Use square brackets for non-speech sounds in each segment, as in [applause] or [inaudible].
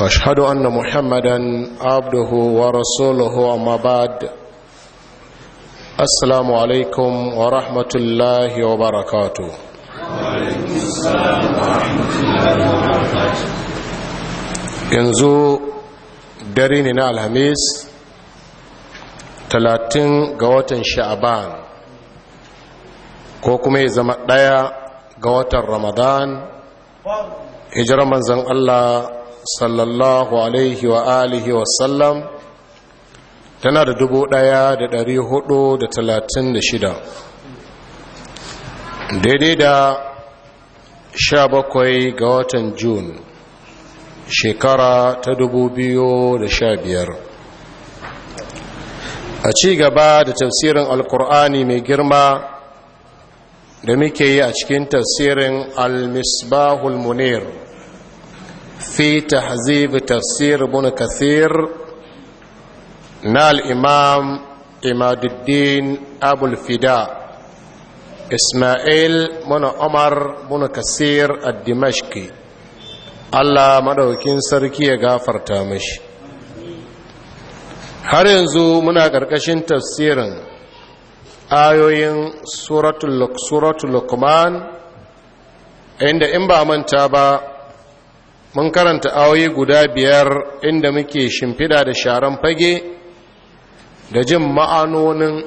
أشهد أن محمدا عبده wa أما بعد السلام عليكم ورحمة الله وبركاته yanzu dare ne na alhamis talatin ga watan sha'aban ko kuma ya zama ɗaya ga watan ramadan hijirar manzan allah sallallahu alaihi wa alihi wasallam tana da dubu ɗaya da ɗari huɗu da talatin da shida daidai da sha bakwai ga watan Jun shekara ta dubu biyu da sha biyar a ci gaba da tafsirin alkur'ani mai girma da muke yi a cikin tafsirin al-misbahul munir fi tahzib tafsir ibn kathir na al-imam imaduddin isma'il ibn umar ibn kathir ad-dimashqi Allah maɗaukin sarki ya gafarta mashi har yanzu muna ƙarƙashin tafsirin ayoyin suratul luqman inda in ba manta ba mun karanta awoyi guda biyar inda muke shimfida da sharan fage da jin ma'anonin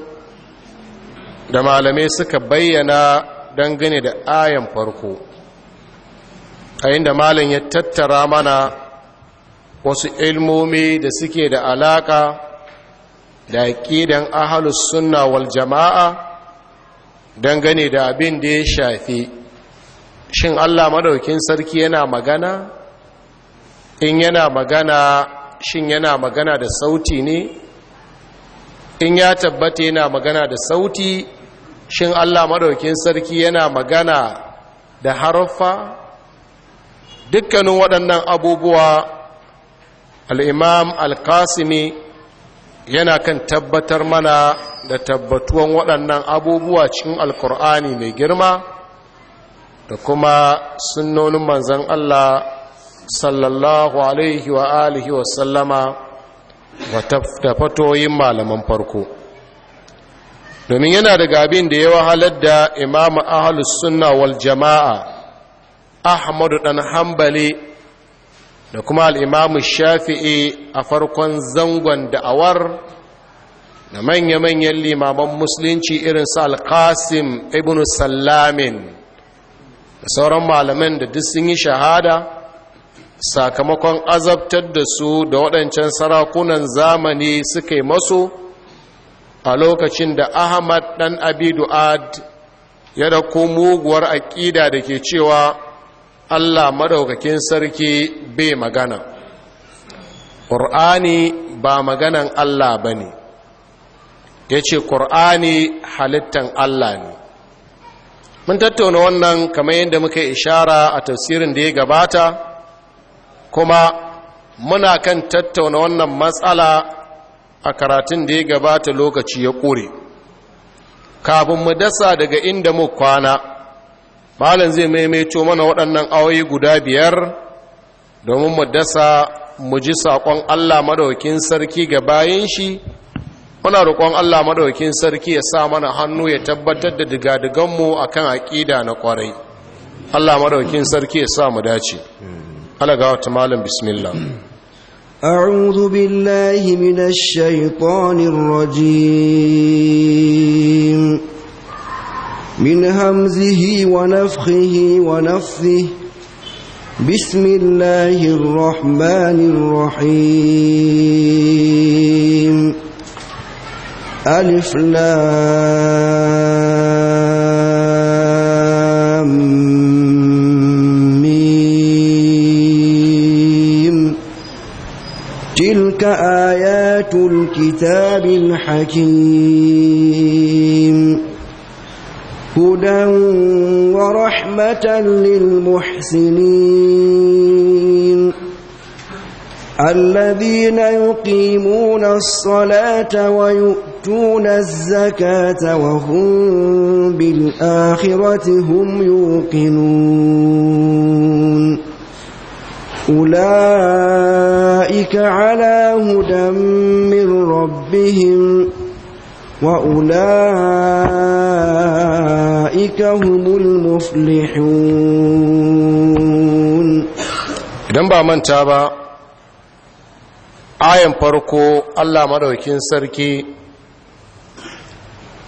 da malamai suka bayyana dangane da ayan farko a inda malam ya tattara mana wasu ilmomi da suke da alaka da ƙidan ahalus sunna wal jama'a dangane da abin da ya shafi shin allah madaukin sarki yana magana in yana magana shin yana magana da sauti ne in ya tabbata yana magana da sauti shin Allah maɗaukin sarki yana magana da haruffa dukkanin waɗannan abubuwa al'imam al-kasimi yana kan tabbatar mana da tabbatuwan waɗannan abubuwa cikin alkur'ani mai girma da kuma sunnonin manzon Allah sallallahu alaihi wa alihi wa sallama Wa tafatoyin malaman farko domin yana daga abin da ya wahalar da imamu ahalus sunna wal jama'a ahmadu dan hambali da kuma al'imamu shafi'i a farkon zangon da'awar da manya-manyan limaman musulunci irin su alkasim ibn sallamin da sauran malaman da duk sun yi shahada sakamakon azabtar da su da waɗancan sarakunan zamani suka yi masu a lokacin da ahmad ɗan abidu ad ya da muguwar aƙida da ke cewa allah maɗaukakin sarki bai magana ƙur'ani ba maganan allah ba ne ya ce ƙur'ani halittan allah ne mun tattauna wannan kamar yadda muka ishara a tafsirin da ya gabata kuma muna kan tattauna wannan matsala a karatun da ya gabata lokaci ya ƙure kafin mu dasa daga inda mu kwana malam zai maimaito mana waɗannan awayi guda biyar domin mu dasa mu ji saƙon allah madaukin sarki ga bayan shi muna roƙon allah maɗaukin sarki ya sa mana hannu ya tabbatar da digadiganmu a kan aƙida na ƙwarai allah maɗaukin sarki ya sa mu dace alaga ta بسم الله أعوذ بالله من الشيطان الرجيم من همزه ونفخه ونفثه بسم الله الرحمن الرحيم ألف لام تلك آيات الكتاب الحكيم هدى ورحمة للمحسنين الذين يقيمون الصلاة ويؤتون الزكاة وهم بالآخرة هم يوقنون أولئك على هدى من ربهم وأولئك هم المفلحون idan ba manta ba ayan farko Allah maɗaukin sarki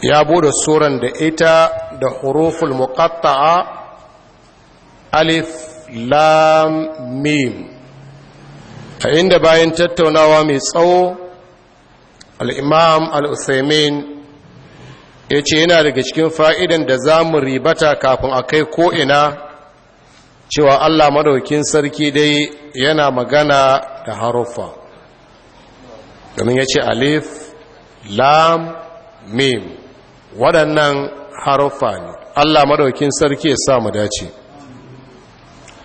ya bude suran da ita da huruful muqatta'a alif lam a inda bayan tattaunawa mai tsawo al'imam al'usaimin ya ce yana daga cikin fa'idan da za mu ribata kafin a kai ko'ina cewa allah madaukin sarki dai yana magana da haruffa domin ya ce alif lam mim waɗannan haruffa ne allah madaukin sarki ya samu dace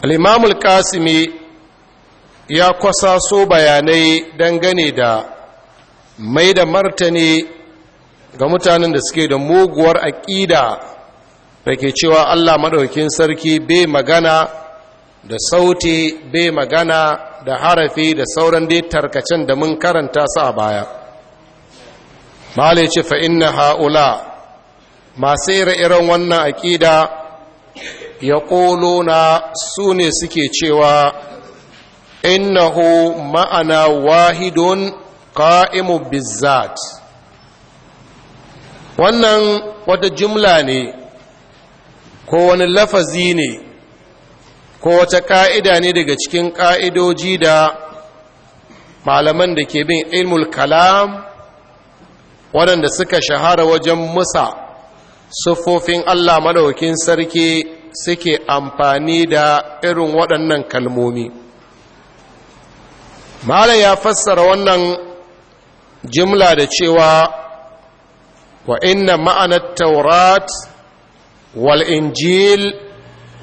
al'imamul kasimi ya kwasa so bayanai dangane da mai da martani ga mutanen da suke da muguwar aƙida da ke cewa allah maɗaukin sarki bai magana da sauti bai magana da harafi da sauran dai tarkacen da mun karanta su a baya malai ce fa inna ha'ula masu ire-iren wannan aƙida ya na su ne suke cewa innahu ma'ana wahidun ƙa'imu bizzat wannan wata jimla ne ko wani lafazi ne ko wata ƙa'ida ne daga cikin ƙa'idoji da malaman da ke bin ilmul kalam waɗanda suka shahara wajen musa siffofin Allah Maɗaukin sarki suke amfani da irin waɗannan kalmomi malam ya fassara wannan jimla da cewa wa inna ma'anar taurat wal injil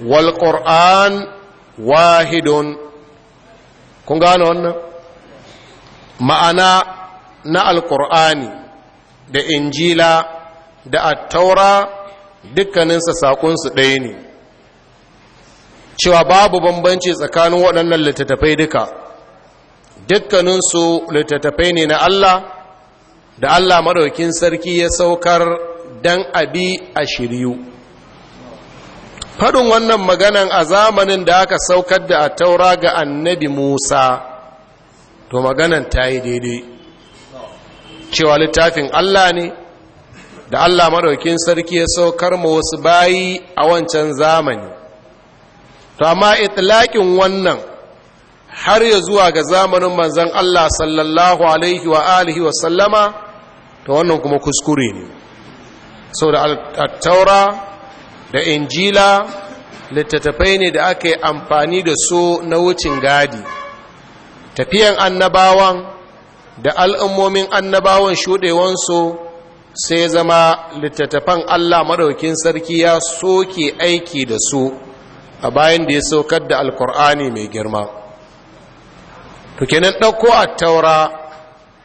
wal qur'an wahidun kun gano wannan ma'ana na alƙur'ani da injila da attaura dukkaninsa saƙonsu ɗaya ne cewa babu bambanci tsakanin waɗannan littattafai duka dukkaninsu littattafai ne na Allah da Allah maɗaukin sarki ya saukar dan abi a shiryu faɗin wannan maganan a zamanin da aka saukar da a taura ga annabi musa to maganan ta yi daidai cewa littafin Allah ne da Allah maɗaukin sarki ya saukar ma wasu bayi a wancan zamani to amma itlaƙin wannan har ya zuwa ga zamanin Manzon Allah sallallahu alaihi wa alihi wa sallama to wannan kuma kuskure ne sau da attaura da injila littattafai ne da aka yi amfani da su na wucin gadi tafiyan annabawan da al'ummomin annabawan shuɗewansu sai zama littattafan Allah maɗaukin sarki ya soke aiki da su a bayan da ya saukar da alkur'ani mai girma tukinan ɗauko a taura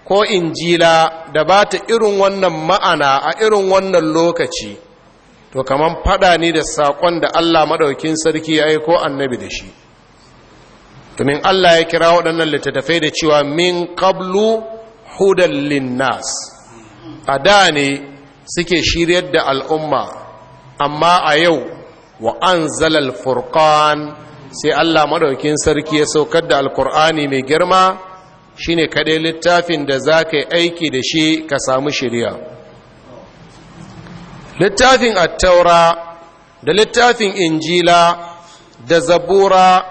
ko injila da ba ta irin wannan ma'ana a irin wannan lokaci to kamar fada ne da saƙon da allah maɗaukin sarki ya aiko annabi da shi domin allah ya kira waɗannan littattafai da cewa min qablu hudan linnas a da ne suke shiryar da al'umma amma a yau wa zalal furqan sai Allah maɗaukin sarki ya saukar da alkur'ani mai girma shine kadai littafin da zaka yi aiki da shi ka samu shiriya littafin Attaura, da littafin injila da zabura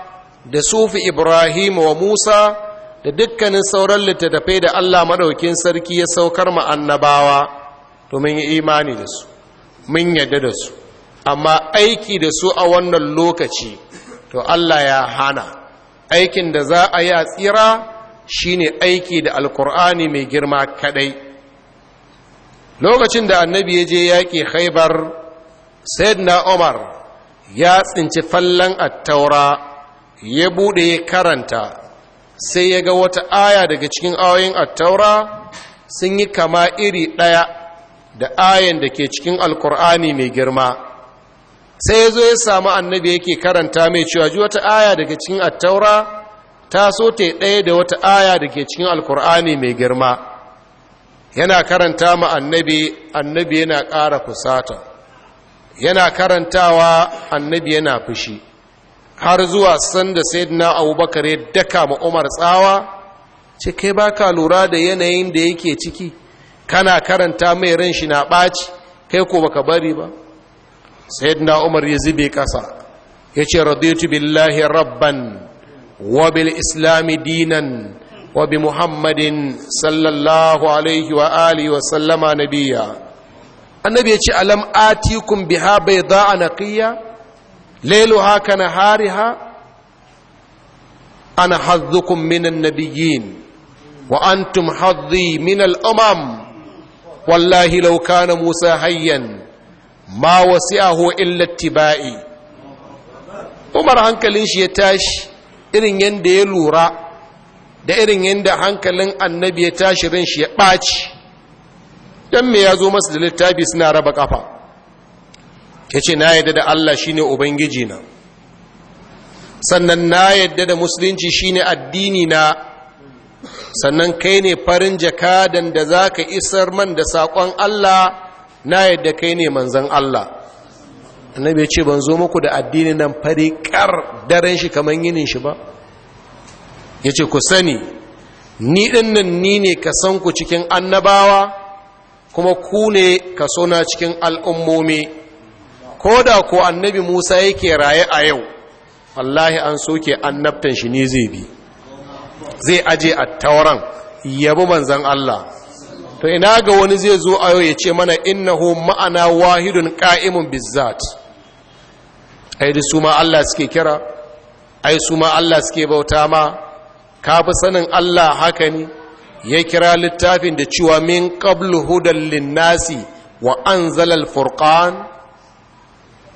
da sufi ibrahim wa musa da dukkanin sauran littattafai da Allah maɗaukin sarki ya saukar ma annabawa to mun yi imani da su mun yadda da su amma aiki da su a wannan lokaci to Allah ya hana aikin da za a yi a tsira shine aiki da alkur'ani mai girma kadai lokacin da annabi ya je yaƙi haibar na umar ya tsinci fallon attaura ya buɗe ya karanta sai ya ga wata aya daga cikin ayoyin attaura sun yi kama iri ɗaya da ayan da ke cikin alkur'ani mai girma sai ya zo ya samu annabi yake karanta mai cewa ji wata aya daga cikin attaura ta so ta ɗaya da wata aya da ke cikin alkur'ani mai girma yana karanta ma annabi annabi yana ƙara kusata yana karantawa annabi yana fushi har zuwa sanda saidina abubakar ya daka ma umar tsawa ce kai ba ka lura da yanayin da yake ciki kana karanta mai ran shi na ɓaci kai ko baka bari ba sayyidina umar ya zube kasa ya ce radiyatu billahi rabban wa bil islami dinan wa bi muhammadin sallallahu alaihi wa alihi wa sallama nabiya annabi ya ce alam atikum biha bayda naqiya lailuha ka nahariha ana haddukum minan nabiyyin wa antum haddi min al umam wallahi law kana musa hayyan ma wasi'ahu illa tibai Umar hankalin shi ya tashi irin yanda ya lura da irin yanda hankalin annabi ya tashi ran shi ya ɓaci dan me ya masa da littafi suna raba kafa yace na yadda da Allah shine ubangiji na sannan na yadda da musulunci shine addini na sannan kai ne farin jakadan da za ka isar man da sakon Allah na yadda kai ne manzan Allah annabi ya ce ban zo muku da addini nan fari kar daren shi kamar yinin shi ba ya ce ku sani ni dinnan ni ne ka san ku cikin annabawa kuma ku ne ka sona cikin al'ummomi ko da ku annabi musa yake raye a yau wallahi an soke annabtan shi ne zai bi zai aje a tauran yabi manzan Allah to ina ga wani zai zo ayo ya ce mana innahu ma'ana wahidun qa'imun bizzat ai da su ma Allah suke kira ai su ma Allah suke bauta ma ka fi sanin Allah haka ne ya kira littafin da cewa min qablu hudan linnasi wa anzala al-furqan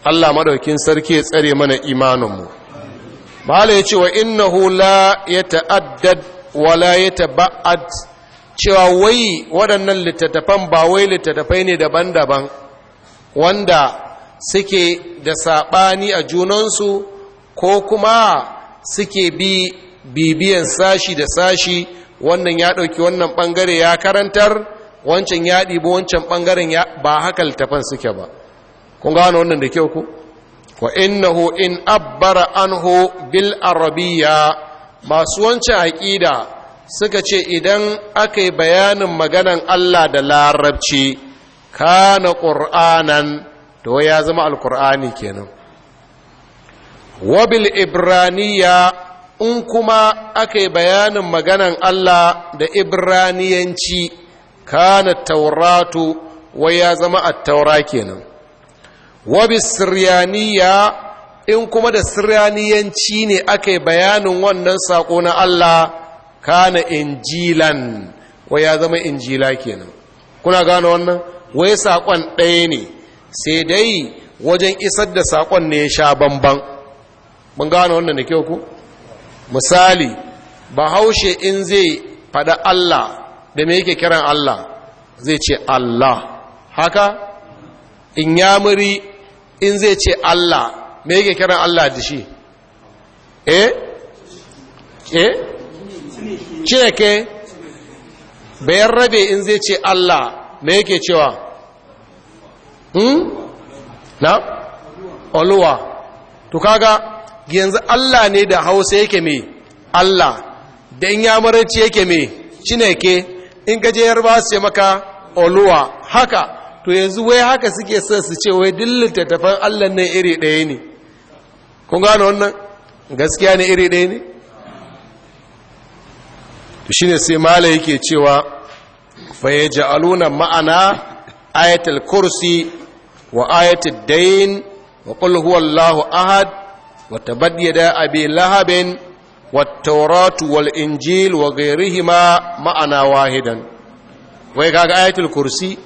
Allah madaukin sarki ya tsare mana imaninmu bala ya ce wa innahu la yata'addad wa la ba'ad cewa wai waɗannan littattafan ba wai littattafai ne daban-daban wanda suke da saɓani a junansu ko kuma suke bi bibiyan sashi da sashi wannan ya ɗauki wannan ɓangare ya karantar wancan ya ɗibo wancan ɓangaren ba haka littattafan suke ba kun gano wannan da kyau ku wa innahu in abbara anhu bil arabiya masu wancan aƙida suka ce idan aka yi bayanin maganan Allah da larabci kana ƙur'anan to ya zama alƙur'ani kenan wabil ibraniya in kuma aka yi bayanin maganan Allah da ibraniyanci kana tauratu wai ya zama a taura kenan wabil siryaniya in kuma da siryaniyanci ne aka yi bayanin wannan saƙo na Allah kana injilan wai ya zama injila kenan kuna gane wannan wai saƙon ɗaya ne sai dai wajen isar da saƙon ne ya sha bamban mun gane wannan da kyau ku misali bahaushe in zai faɗa allah da me yake kiran allah zai ce allah haka in yamuri in zai ce allah me yake kiran allah da shi eh eh ce ke bayan rabe in zai ce Allah me yake cewa hmm na oluwa to kaga yanzu Allah ne da hausa yake mai, Allah da in yamuranci yake me cineke in gaje yarba su ce maka oluwa haka to yanzu wai haka suke sa su ce wai dillin tafan Allah nan iri ɗaya ne kun gano wannan gaskiya ne iri ɗaya ne to shine sai mala yake cewa fa yaj'aluna ma'ana ayatul kursi wa ayatul dain wa qul huwallahu ahad wa tabaddada abi lahabin wa والإنجيل ma'ana wahidan. Wai kaga ayatul kursi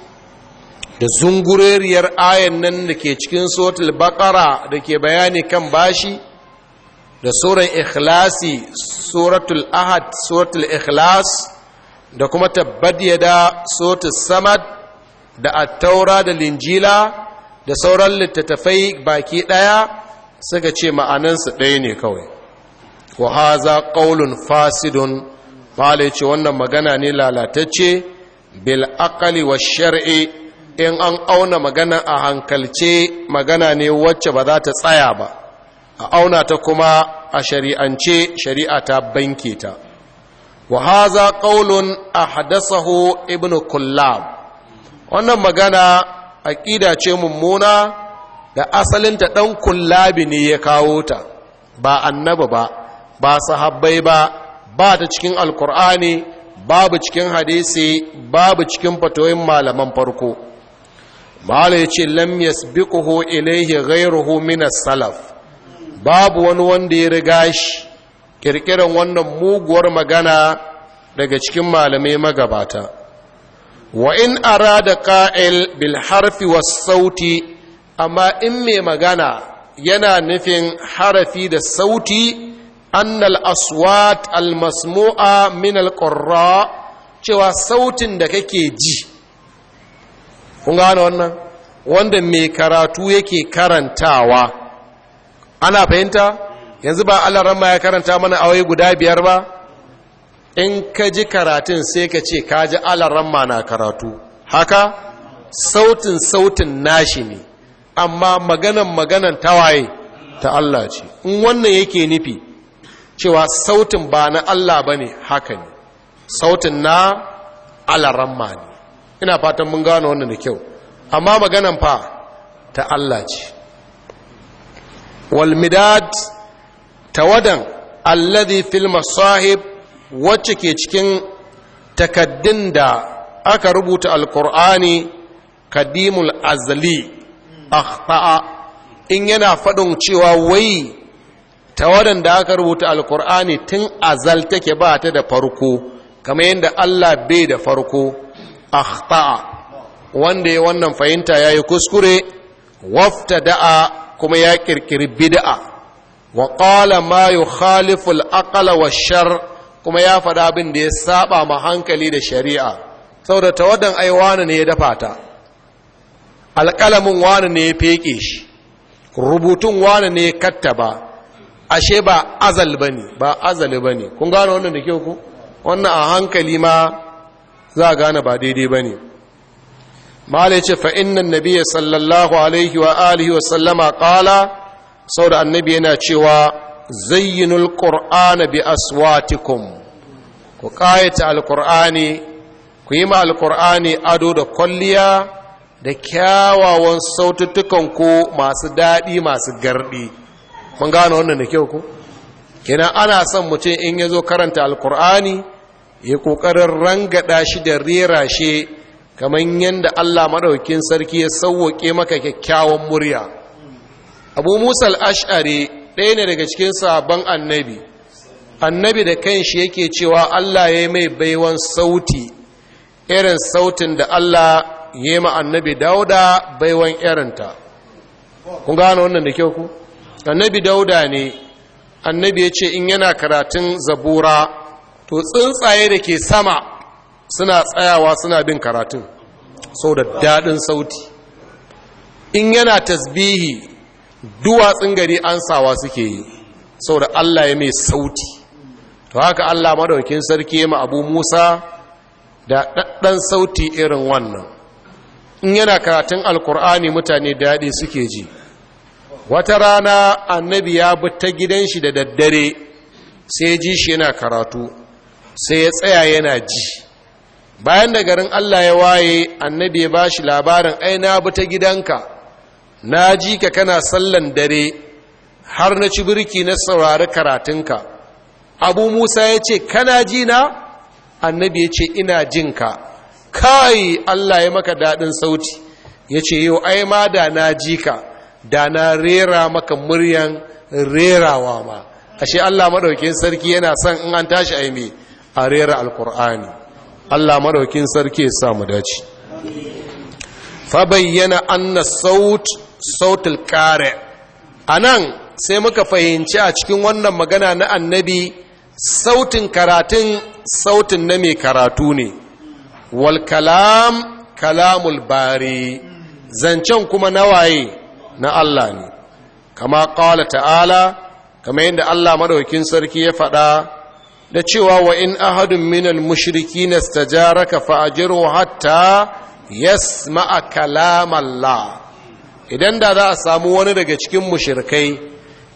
da zungureriyar ayan nan da ke cikin sotul bakara da ke bayani kan bashi da suran ikhlasi suratul ahad suratul ikhlas da kuma tabbad da suratul samad da attaura da linjila da sauran littattafai baki ɗaya, suka ce ma'anansu ɗaya ne kawai wa haza qaulun fasidun bale ce wannan magana ne lalatacce bil aqali wa shar'i in an auna magana a hankalce magana ne wacce ba za ta tsaya ba a auna ta kuma a shari'ance shari'a ta banke ta wa haza qaulun ahdathahu ibnu kullab wannan magana aqida ce mummuna da asalinta dan kullabi ne ya kawo ta ba annaba ba ba sahabbai ba ba ta cikin alkur'ani babu cikin hadisi babu cikin fatoyin malaman farko malai ce lam yasbiquhu ilayhi ghayruhu min as-salaf babu wani wanda ya riga shi kirkiran wannan muguwar magana daga cikin malamai magabata wa in arada qa'il bil harfi was sauti amma in mai magana yana nufin harafi da sauti annal aswat al masmu'a min al qurra cewa sautin da kake ji kun gane wannan wanda mai karatu yake karantawa ana fahimta yanzu ba Allah ramma ya karanta mana awai guda biyar ba in ka ji karatun sai ka ce ka ji Allah ramma na karatu haka sautin sautin nashi ne amma maganan maganan tawaye ta Allah ce in wannan yake nufi cewa sautin ba na Allah bane haka ne sautin na Allah ramma ne ina fatan mun gano wannan da kyau amma maganan fa ta Allah ce walmidad tawadan alladhi fil masahib wacce ke cikin takaddun da aka rubuta alkur'ani kadimul azali akhta'a in yana faɗin cewa wai tawadan da aka rubuta alkur'ani tun azal take bata da farko kamar yadda Allah bai da farko akhta'a wanda ya wannan fahimta yayi kuskure wafta da'a kuma ya kirkiri bid'a wa qala ma yukhalifu al shar kuma ya faɗa bin da ya saba ma hankali da shari'a saboda tawaddan ai wani ne ya dafa ta alƙalamin wani ne ya feke shi rubutun wani ne ya kattaba ashe ba azal bane ba azal bane kun gane wannan da kyau ku wannan a hankali ma za a gane ba daidai bane mala ya ce fa'innan nabiya sallallahu alaihi wa alihi wa sallama ƙala sau da annabi yana cewa zayyinul ƙur'ana bi aswatikum ku ƙayata alƙur'ani ku yi ma alƙur'ani ado da kwalliya da kyawawan sautattukanku masu daɗi masu garɗi mun gano wannan da kyau ku kenan ana son mutum in ya zo karanta alƙur'ani ya ƙoƙarin rangada shi da rera shi kamar yadda Allah maɗaukin sarki ya sauwaƙe maka kyakkyawan murya abu musa al'ash'ari ɗaya ne daga cikin sabon annabi annabi da kanshi yake cewa Allah ya mai baiwan sauti irin sautin da Allah ya ma annabi dauda baiwan irinta kun gano wannan da kyau ku annabi dauda ne annabi ya ce in yana karatun zabura to tsuntsaye da ke sama suna tsayawa suna bin karatun sau da daɗin sauti in yana tasbihi duwatsun gari an sawa suke yi sau da allah ya mai sauti to haka allah madaukin sarki ya ma abu musa da ɗaɗɗan sauti irin wannan in yana karatun alkur'ani mutane daɗi suke ji wata rana annabi ya bi ta gidan shi da daddare sai ji shi yana karatu sai ya tsaya yana ji bayan da garin Allah ya waye annabi ya bashi labarin ai na bi ta gidanka na ji ka kana sallan dare har na ci birki na saurari karatunka abu musa ya ce kana ji na annabi ya ce ina ka kai Allah ya maka daɗin sauti ya ce yau ai ma da na ji ka da na rera maka muryan rerawa ma ashe Allah maɗaukin sarki yana son in an tashi aimi a rera alkur'ani Allah maraukin sarki ya samu dace fa bayyana anna saut sautul qari anan sai muka fahimci a cikin wannan magana na annabi sautin karatun sautin na mai karatu ne wal kalam kalamul bari zancen kuma nawaye na Allah ne kama qala ta'ala kama yadda Allah madaukin sarki ya faɗa da cewa wa in ahadun minal mushriki na stajaraka fa'ajiru hatta yasma'a kalamallah idan da za a samu wani daga cikin mushirikai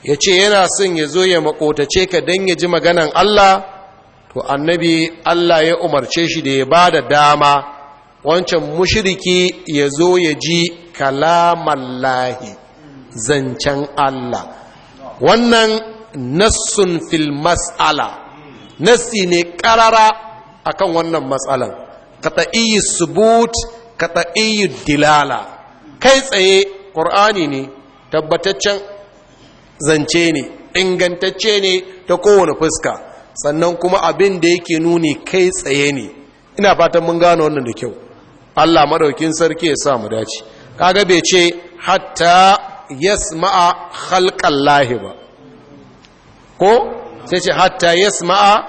ya ce yana son ya zo ya makotace ka don ya ji maganan Allah to annabi Allah ya umarce shi da ya ba da dama wancan mushiriki ya zo ya ji kalamallahi zancen Allah wannan nassun fil mas'ala nassi ne karara akan wannan matsalan qat'i subut qat'i dilala kai tsaye qur'ani ne tabbataccen zance ne ingantacce ne ta kowane fuska sannan kuma abin da yake nuni kai tsaye ne ina fatan mun gano wannan da kyau Allah maɗaukin sarki ya sa mu dace kaga bai ce hatta yasma'a lahi ba ko sai ce hatta yasma'a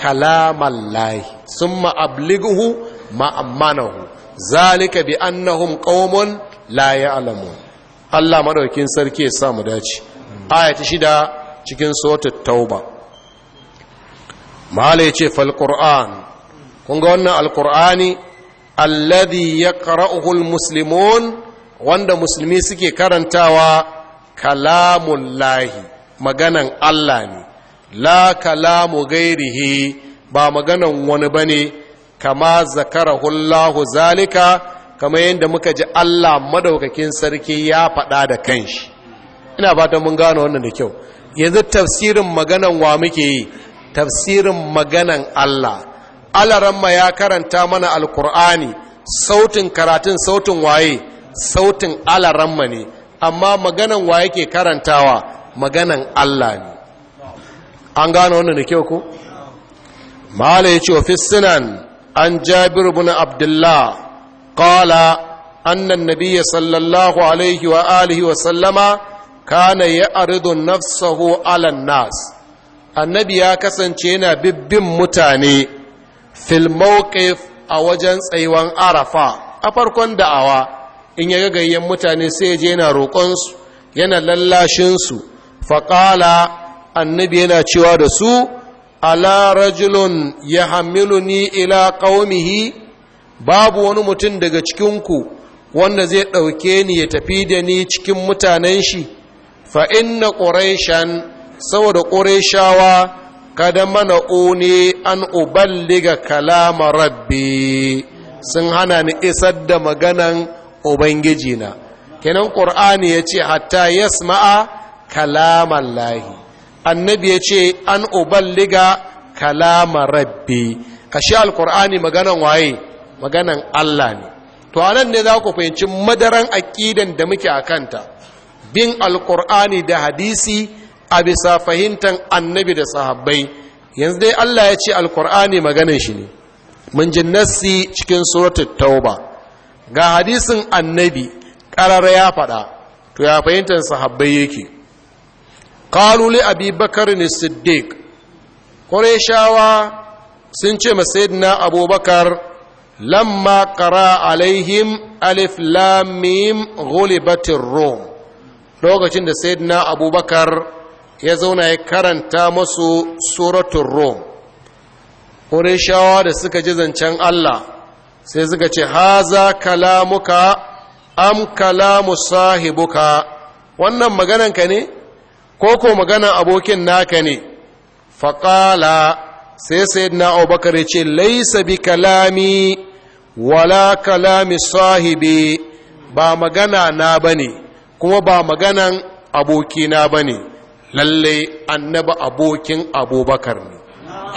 kalamallahi sun maabliguhu ma'amanahu zalika bi annahum qaumun la ya'lamun Allah maɗaukin sarki ya samu dace aya shida cikin suratul tauba mahala yace fal qur'an kun wannan alqur'ani alladhi yaqra'uhu almuslimun wanda musulmi suke karantawa kalamullahi maganan Allah ne la kalamu gairihi ba maganan wani ba ne, kama zakara hullahu zalika kama yadda muka ji Allah madaukakin sarki ya faɗa da kanshi ina fatan mun gano wannan da kyau yanzu tafsirin maganan wa muke yi tafsirin maganan Allah alaramma ya karanta mana alkur'ani sautin karatun sautin waye sautin alaramma ne amma maganan wa yake karantawa maganan Allah ne an gano wannan da kyau ko mala yace wa fi sunan an jabir ibn abdullah qala anna nabiy sallallahu alaihi wa alihi wa sallama kana aridu nafsahu ala nas annabi ya kasance yana bibbin mutane fil mawqif a wajen tsayuwan arafa a farkon da'awa in ya ga gayyen mutane sai je yana roƙonsu yana lallashinsu faƙala annabi yana cewa da su ala rajulun ya ni ila ƙaumihi babu wani mutum daga cikinku wanda zai ɗauke ni ya tafi da ni cikin mutanen shi fa inna ƙureshan saboda ƙureshawa kada mana ne an uballiga kalama rabbi sun hana ni isar da maganan ubangijina kenan ƙur'ani ya ce hatta yasma'a kalamallahi annabi ya ce an uballiga kalama rabbi ashe alkur'ani maganan waye maganan Allah ne to anan ne za ku fahimci madaran aƙidan da muke a kanta bin alkur'ani da hadisi a bisa fahimtar annabi da sahabbai yanzu dai Allah ya ce alkur'ani maganan shi ne mun ji nassi cikin suratul tauba ga hadisin annabi ƙarar ya faɗa to ya fahimtar sahabbai yake qalu li abi bakr as-siddiq sun ce ma sayyidina abubakar lamma qara alaihim alif lam mim ghulibatir lokacin da sayyidina abubakar ya zauna ya karanta masu suratun rum qurayshawa da suka ji zancen Allah sai suka ce haza kalamuka am kalamu sahibuka wannan magananka ne ko ko magana abokin naka ne faƙala sai sayyidina abubakar ya ce laisa bi kalami wala kalami sahibi ba magana na ne kuma ba maganan abokina bane lalle annaba abokin abubakar ne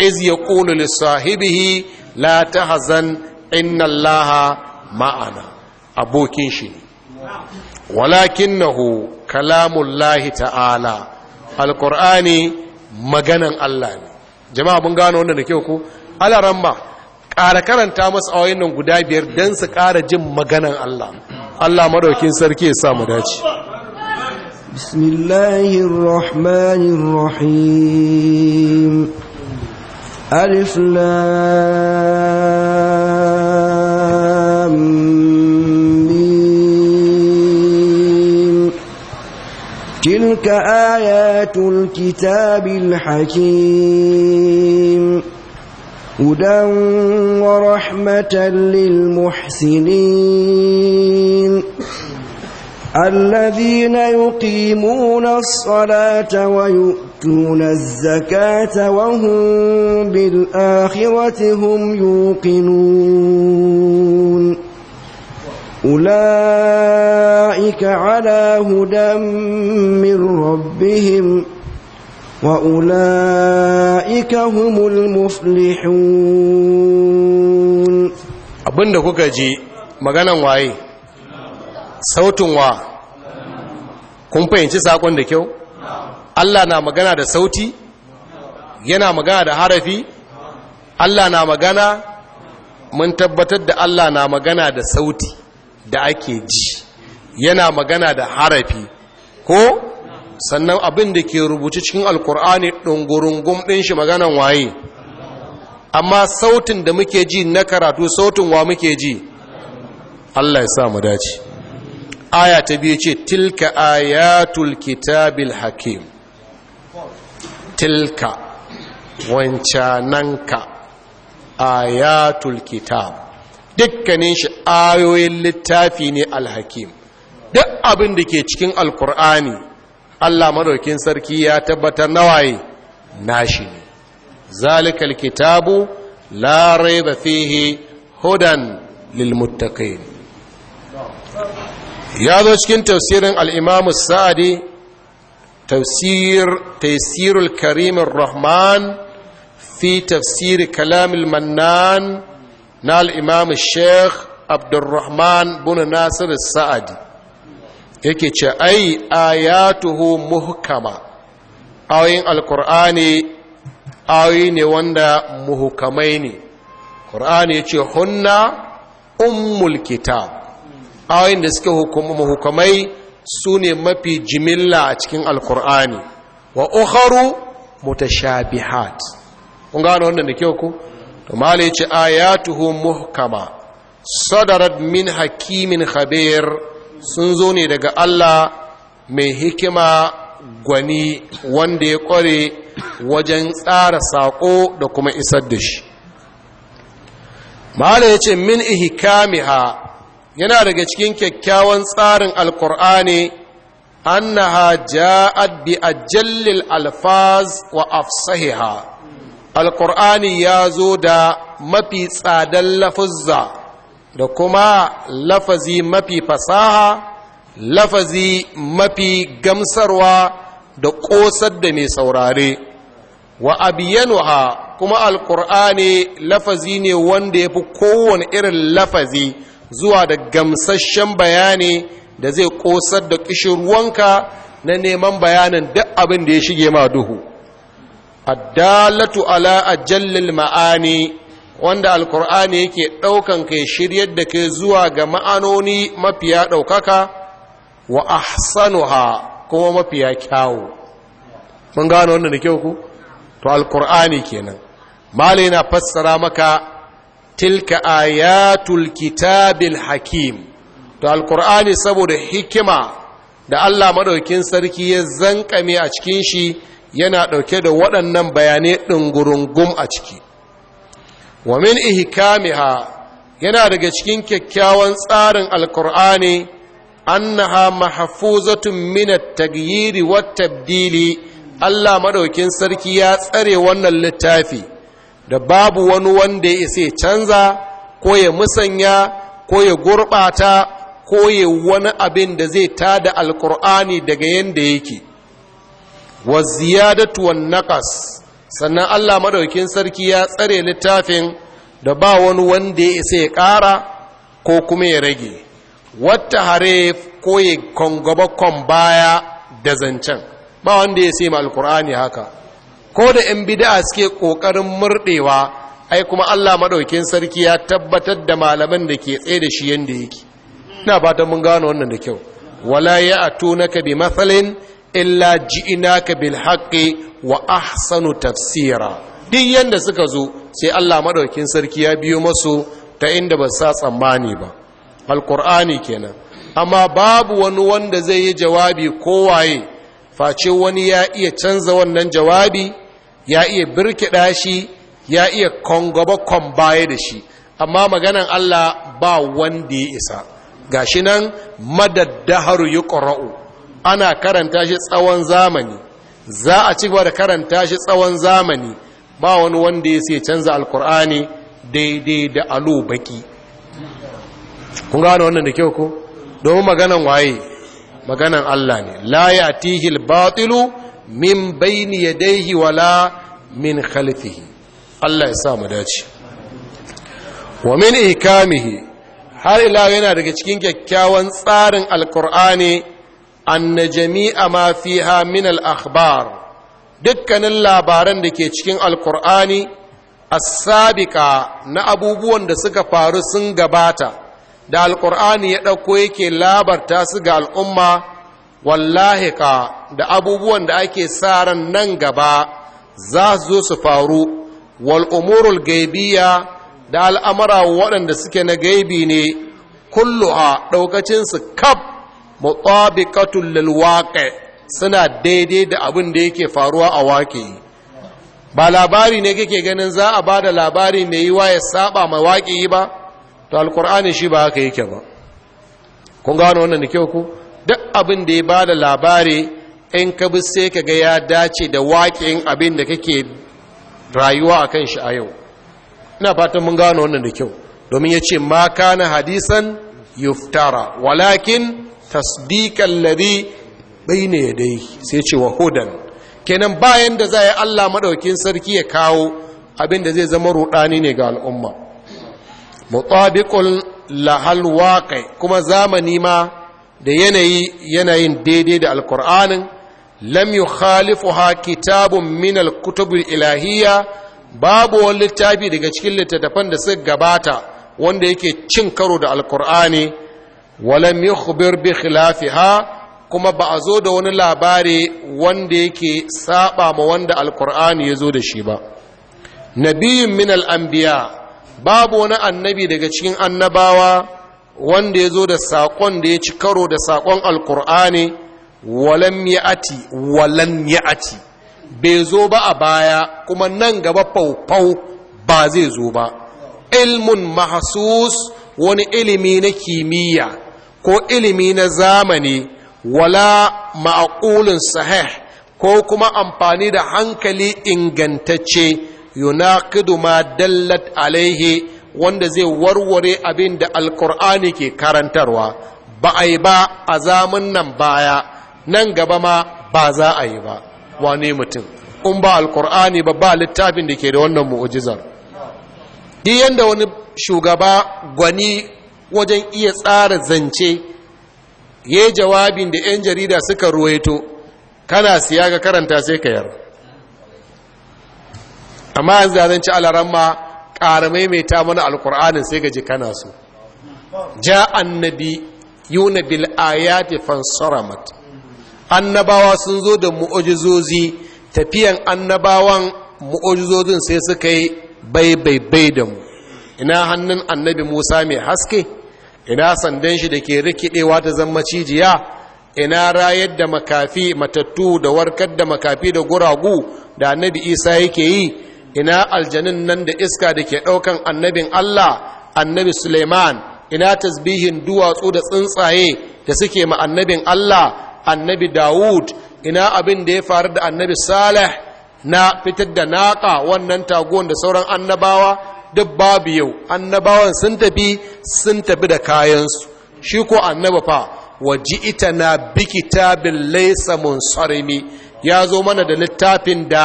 iz ya ƙunu lissahibihi la ta hazan inna allaha ma'ana abokin shi ne walakinnahu kalamullahi ta'ala alkur'ani maganan Allah ne jama'a mun gano wannan da kyau ko alaran ba ƙara karanta masu ayoyin guda biyar don su ƙara jin maganan Allah Allah madaukin sarki ya sa mu dace bismillahir alif lam تلك آيات الكتاب الحكيم هدى ورحمة للمحسنين الذين يقيمون الصلاة ويؤتون الزكاة وهم بالآخرة هم يوقنون أولئك أُولَئِكَ عَلَى هُدًى مِّن رَّبِّهِمْ وَأُولَئِكَ هُمُ الْمُفْلِحُونَ Abinda kuka ji maganan waye sautin wa kun fahimci sakon da kyau Allah na magana da sauti yana magana da harafi Allah na magana mun tabbatar da Allah na magana da sauti da ake ji yana magana da harafi ko sannan abin da ke rubuci cikin alkur'ani ɗungurungun ɗin shi maganan waye amma sautin da muke ji na karatu sautin wa muke ji Allah ya sa mu dace aya ta biyu ce tilka ayatul kitabil hakim tilka wancananka ayatul kitab dukkanin shi ayoyin littafi ne alhakim duk abin da ke cikin alkur'ani allah madaukin sarki ya tabbatar nawaye nashi ne zalikal kitabu Larai raiba fihi hudan lil ya zo cikin tafsirin al-imam sa'adi tafsir tafsirul karim rahman fi tafsir Kalamil mannan na al sheikh abdurrahman nasir sa'adi yake ce ai ayatuhu muhkama ayoyin alkur'ani ayoyi ne wanda muhukamai ne ƙur'ani ya ce hunna ummul kitab ayoyin da suke muhukamai su ne mafi jimilla a cikin alkur'ani wa ukharu mutashabihat kun gano wannan da kyau ku to mala ya ce ayatuhu muhkama sadarat min hakimin khabir sun zo ne daga Allah mai hikima gwani wanda ya kware wajen tsara saƙo da kuma isar da shi mahala ya ce min ihikamiha yana daga cikin kyakkyawan tsarin alkur'ani annaha ja'ad bi ajallil alfaz wa afsahiha alkur'ani ya zo da mafi tsadan lafuzza da kuma lafazi mafi fasaha lafazi mafi gamsarwa da ƙosar da mai saurare wa abiyanuha kuma alkur'ani lafazi ne wanda ya fi kowane irin lafazi zuwa da gamsasshen bayani da zai ƙosar da ƙishirwanka na neman bayanin duk abin da ya shige ma duhu addalatu ala ajallil ma'ani wanda alkur'ani yake ɗaukan kai shiryar da ke zuwa ga ma'anoni mafiya ɗaukaka wa ahsanuha kuma mafiya kyawu mun gano wannan da kyau ku to alkur'ani kenan malai na fassara maka tilka ayatul kitabil hakim to alkur'ani saboda hikima da Allah madaukin sarki ya zankame a cikin shi yana ɗauke da waɗannan bayanai ɗungurungum a ciki wa min ihkamiha yana daga cikin kyakkyawan tsarin alkur'ani annaha mahfuzatun min at wa at tabdili Allah madaukin sarki ya tsare wannan littafi da babu wani wanda ya sai canza ko ya musanya ko ya gurbata ko ya wani abin da zai tada alkur'ani daga yanda yake wa ziyadatu wan naqas sannan Allah madaukin sarki ya tsare littafin da ba wani wanda ya isa ya ƙara ko kuma ya rage wata hare ko ya kon baya da zancen ba wanda ya sai ma alkur'ani haka ko da 'yan bida'a suke ƙoƙarin murɗewa ai kuma Allah maɗaukin sarki ya tabbatar da malaman da ke tsaye da shi yanda yake ina fatan mun gano wannan da kyau wala ya ka bi mathalin illa ji'inaka bil haqqi wa ahsanu tafsira duk yanda suka zo sai Allah maɗaukin sarki ya biyo masu ta inda ba sa tsammani ba alqur'ani kenan amma babu wani wanda zai yi jawabi kowaye face wani ya iya canza wannan jawabi ya iya birkida shi ya iya kongaba kon baya da shi amma maganan Allah ba wanda ya isa gashi nan madaddaharu yuqra'u ana karanta shi tsawon zamani za a ci gaba da karanta shi tsawon zamani ba wani wanda ya sai canza alkur'ani daidai da alo baki kun gane wannan da kyau ko domin maganan waye maganan Allah ne la ya'tihi al-batilu min bayni yadayhi wala min khalfihi Allah ya sa mu dace wa min ikamihi har ila yana daga cikin kyakkyawan tsarin alkur'ani anna jami'a ma fiha min akhbar dukkanin labaran da ke cikin alkur'ani as-sabiqa na abubuwan da suka faru sun gabata da Alƙur'ani ya ɗauko yake labarta su ga al'umma wallahi ka da abubuwan da ake sa ran nan gaba za su zo su faru wal umurul gaibiya da al'amara waɗanda suke na gaibi ne a ɗaukacin su kab. mutabiqatul lil waqi suna daidai da abin da yake faruwa a waƙi ba labari ne kake ganin za a bada labari mai yiwa ya saba mai waƙi ba to alqur'ani shi ba haka yake ba kun gano wannan da kyau ku duk abin da ya bada labari in ka bi sai ka ga ya dace da waƙin abin da kake rayuwa akan shi a yau ina fatan mun gano wannan da kyau domin ya ce ma kana hadisan yuftara walakin bai ladhi ya yadayhi sai ce wa hudan kenan bayan da za zai Allah maɗaukin sarki ya kawo abin da zai zama rudani ne ga al'umma mutabiqul lahal waqi kuma zamani ma da yanayi yanayin daidai da alqur'anin lam yukhalifuha kitabun minal alkutubil ilahiyya babu wani littafi daga cikin littattafan da suka gabata wanda yake cin karo da alkur'ani walam yukhbir bi khilafiha kuma ba a zo da wani labari wanda yake saɓa ma wanda alkur'ani ya zo da shi ba nabiyin min al'ambiya babu wani annabi daga cikin annabawa wanda ya zo da saƙon da ya ci karo da saƙon alkur'ani walam ya'ati walam ya'ati bai zo ba a baya kuma nan gaba faufau ba zai zo ba ilmun mahasus wani ilimi na kimiyya ko ilimi na zamani wala ma'aqulun sahih ko kuma amfani da hankali ingantacce yunaqidu ma dallat alaihi wanda zai warware abin da alkur'ani ke karantarwa ba a yi ba a zamun nan baya nan gaba ma ba za a yi ba wane mutum in ba alkur'ani ba ba littafin da ke da wannan mu'ujizar duk yadda wani shugaba gwani wajen iya tsara zance ya jawabin da 'yan jarida suka ruwaito kana siya ga karanta sai ka yar amma yanzu da zance alaran ma ƙara maimaita mana alkur'anin sai gaji kana su ja annabi yuna bil ayati fansaramat annabawa sun zo da mu'ajizozi tafiyan annabawan mu'ajizozin sai suka yi bai bai bai da mu ina hannun annabi musa mai haske ina sandan shi da ke rikidewa ta zan macijiya ina rayar da makafi matattu da warkar da makafi da guragu da annabi isa yake yi ina aljanin nan da iska da ke ɗaukan annabin allah annabi suleiman ina tasbihin duwatsu da tsuntsaye da suke ma annabin allah annabi dawud ina abin da ya faru da annabi saleh na fitar da naƙa wannan tagon da sauran annabawa duk babu yau annabawan sun tafi sun tafi da kayansu shi ko annaba fa waji ita na bi kitabin laisa munsarimi ya zo mana da littafin da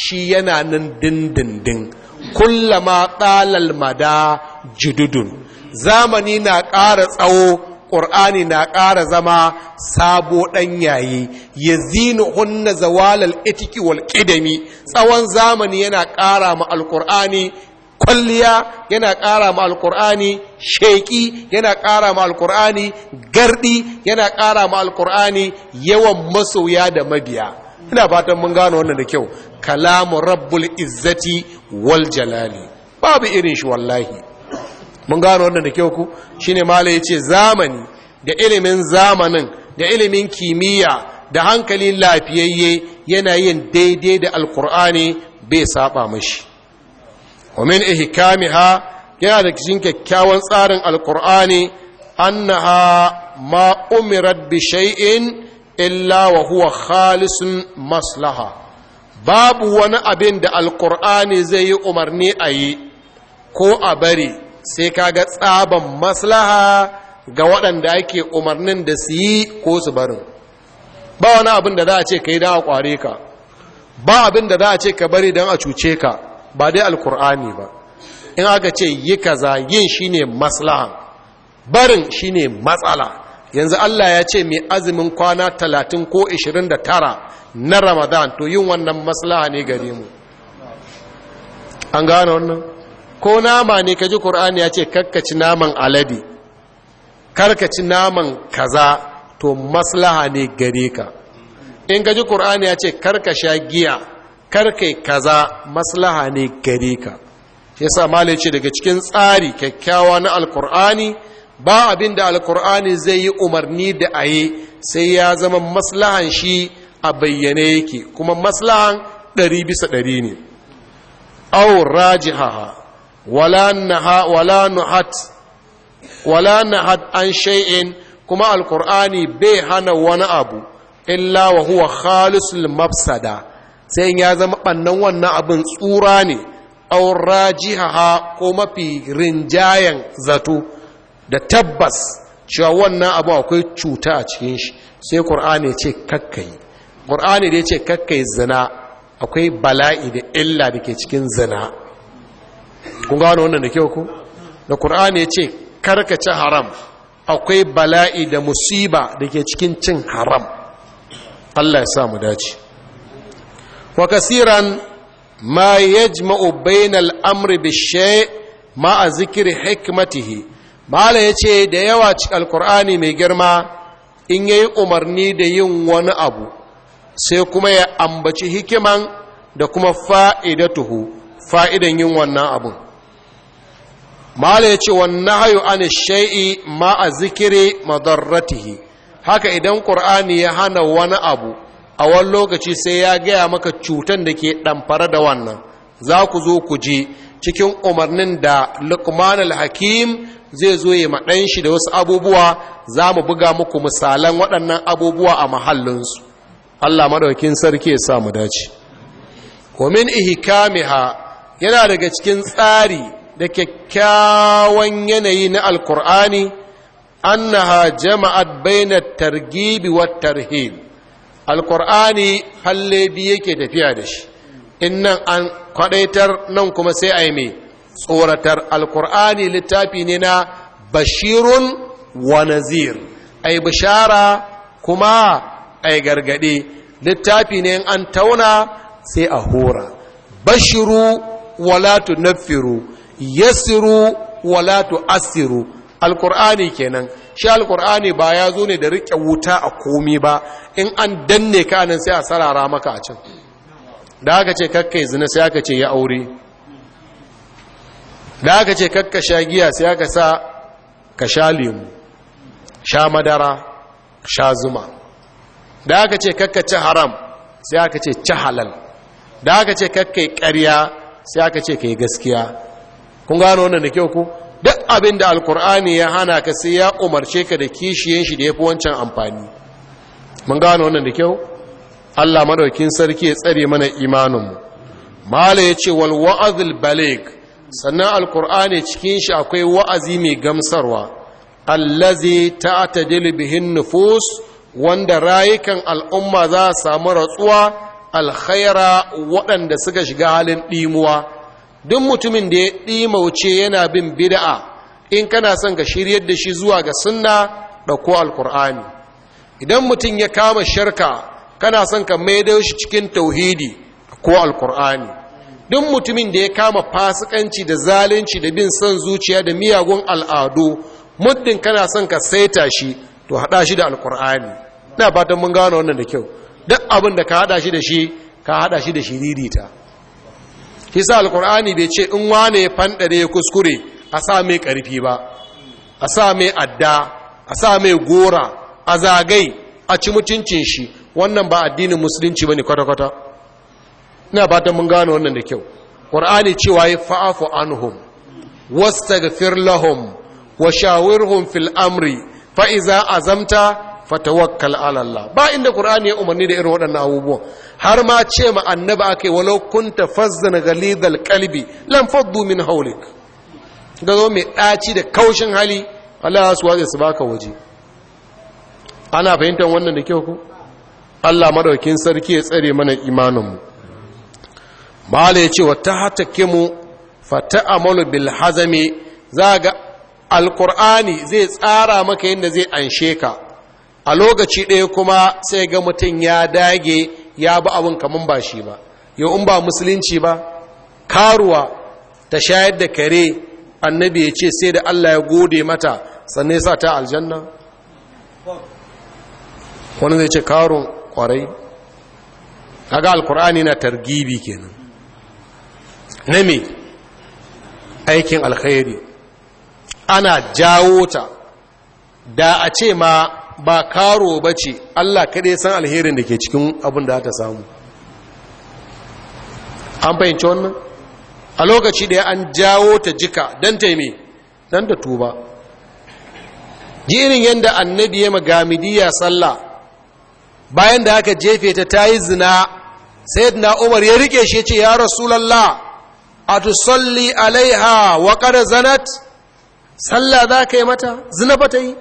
shi yana nan dindindin kullama ɗalal mada jududun zamani na ƙara tsawo ƙur'ani na ƙara zama sabo ɗan yayi ya zinu hunna zawalal itiki ƙidami tsawon zamani yana ƙara ma alƙur'ani kwalliya yana ƙara ma alkur'ani sheƙi yana ƙara ma alkur'ani gardi yana ƙara ma Alƙur'ani. yawan masoya da mabiya ina fatan mun gano wannan da kyau kalamu rabbul izzati wal jalali babu irin shi wallahi mun gano wannan da kyau ku shine mala yace zamani da ilimin zamanin da ilimin kimiyya da hankalin lafiyayye yana yin daidai da alkur'ani bai saba mashi wa min ihkamiha yana da cikin kyakkyawan tsarin alqur'ani annaha ma umirat bi shay'in illa wa huwa khalisun maslaha babu wani abin da alqur'ani zai yi umarni a yi ko a bari sai ka ga tsaban maslaha ga waɗanda ake umarnin da su yi ko su barin ba wani abin da za a ce ka yi don a ƙware ka ba abin da za ce ka bari don a cuce ka ba dai alkur'ani ba in aka ce yi kaza yin shine maslaha barin shine matsala yanzu Allah ya ce mai azumin kwana talatin ko ishirin na ramadan to yin wannan maslaha ne gare mu an gane wannan ko nama ne ka ji ya ce karkaci naman alade karkaci naman kaza to maslaha ne gare ka in ka ji Kur'ani ya ce karkasha giya karkai kaza maslaha ne gare ka yasa malai ce daga cikin tsari kyakkyawa na alkur'ani ba abin da alkur'ani zai yi umarni da aye sai ya zama maslahan shi a bayyane yake kuma maslahan ɗari bisa ɗari ne au raji haha, wala an shay'in kuma alkur'ani bai hana wani abu illa wa huwa khalisul mafsada sai ya zama ɓannan wannan abin tsura ne aura jihaha ko mafi rinjayen zato da tabbas cewa wannan abu akwai cuta a cikin shi sai ƙur'ani ce kakkai ƙur'ani da ya ce kakkai zina akwai bala'i da illa da ke cikin zina kun gano wannan da kyau ku da ƙur'ani ya ce karkace haram akwai bala'i da musiba da ke cikin cin haram Allah ya sa mu dace wa kasiran ma yajma'u bainal amri bishay ma a zikiri hikmatihi mala yace da yawa cikin alkur'ani mai girma in yayi umarni da yin wani abu sai kuma ya ambaci hikiman da kuma fa'idatuhu fa'idan yin wannan abun mala yace wannan hayu an shay'i ma a zikiri madarratihi haka idan ƙur'ani ya hana wani abu a wani lokaci sai ya gaya maka cutan da ke ɗamfara da wannan za ku zo ku je cikin umarnin da lukman al-hakim zai zo ya maɗan shi da wasu abubuwa za mu buga muku misalan waɗannan abubuwa a mahallinsu allah maɗaukin sarki ya samu dace komin ihikamiha yana daga cikin tsari da kyakkyawan yanayi na alkur'ani annaha jama'at bainat targibi wat tarhib alkur'ani halle biyu yake tafiya da shi in nan an kwadaitar nan kuma sai a yi mai tsoratar alkur'ani littafi ne na bashirun wa nazir ai bishara kuma ai gargaɗe littafi ne an tauna sai a hora bashiru wala nafiru yasiru wala asiru alkur'ani kenan shi alkur'ani ba ya zo ne da riƙe wuta a komi ba in an danne ka nan sai a sarara maka a can da aka ce yi zina sai aka ce ya aure da aka ce kakka sha giya sai aka sa ka sha lemu sha madara sha zuma da aka ce kakka ci haram sai aka ce ci halal da aka ce yi ƙarya sai aka ce ka yi gaskiya kun gano wannan da kyau ku abin da alkur'ani ya hana ka sai ya umarce ka da kishiyen shi da ya fi wancan amfani mun gano wannan da kyau allah madaukin sarki ya tsare mana imaninmu mala ya ce wal wa'azil balig sannan alkur'ani cikin shi akwai wa'azi mai gamsarwa allazi ta bihin nufus wanda rayukan al'umma za su samu ratsuwa alkhaira waɗanda suka shiga halin ɗimuwa duk mutumin da ya ɗimauce yana bin bida'a in kana son ka shiryar da shi zuwa ga sunna ɗauko alkur'ani idan mutum ya kama shirka kana son ka maida shi cikin tauhidi ko alkur'ani duk mutumin da ya kama fasikanci da zalunci da bin son zuciya da miyagun al'adu muddin kana son ka saita shi to haɗa shi da alkur'ani ina fatan mun gano wannan da kyau duk abin da ka haɗa shi da shi ka haɗa shi da shiririta kisa alkur'ani bai ce in wane ya fanɗare ya kuskure a sa mai ƙarfi ba a sa mai adda a sa mai gora a zagai a ci mutuncin shi wannan ba addinin musulunci ba ne kwata-kwata ina fatan mun gano wannan da kyau ƙwar'ani cewa ya fa'afu anhum wastaghfir lahum wa shawirhum fil amri fa iza azamta fatawakkal ala ba inda Qur'ani ya umarni da irin waɗannan abubuwan har ma ce ma annabi akai walau kunta fazzana ghalidhal qalbi lam faddu min hawlik ga zo mai ɗaci da kaushin hali Allah ya su zai su baka waje ana fahimtar wannan da kyau ku Allah madaukin sarki ya tsare mana imaninmu mala ya ce wa ta mu fata amalu bil hazami za ga alkur'ani zai tsara maka yadda zai anshe ka a lokaci ɗaya kuma sai ga mutum ya dage ya bi abin kamar ba shi ba yau in ba musulunci ba karuwa ta shayar da kare annabi ya ce sai da Allah ya gode mata sannan sa ta aljanna wani zai ce karon kwarai kaga alkur'ani na targibi kenan na me aikin alkhairi ana jawo ta da a ce ma ba karo ba ce Allah kaɗai san alherin da ke cikin abin da ta samu an fahimci wannan a lokaci da an jawo ta jika don taimi don da tuba jirin yadda annabi ya magamidiya sallah bayan da aka jefe ta ta yi zina na umar ya rike shi ce ya rasulallah a tusalli alaiha wa kada zanat sallah za ka yi mata zina ba ta yi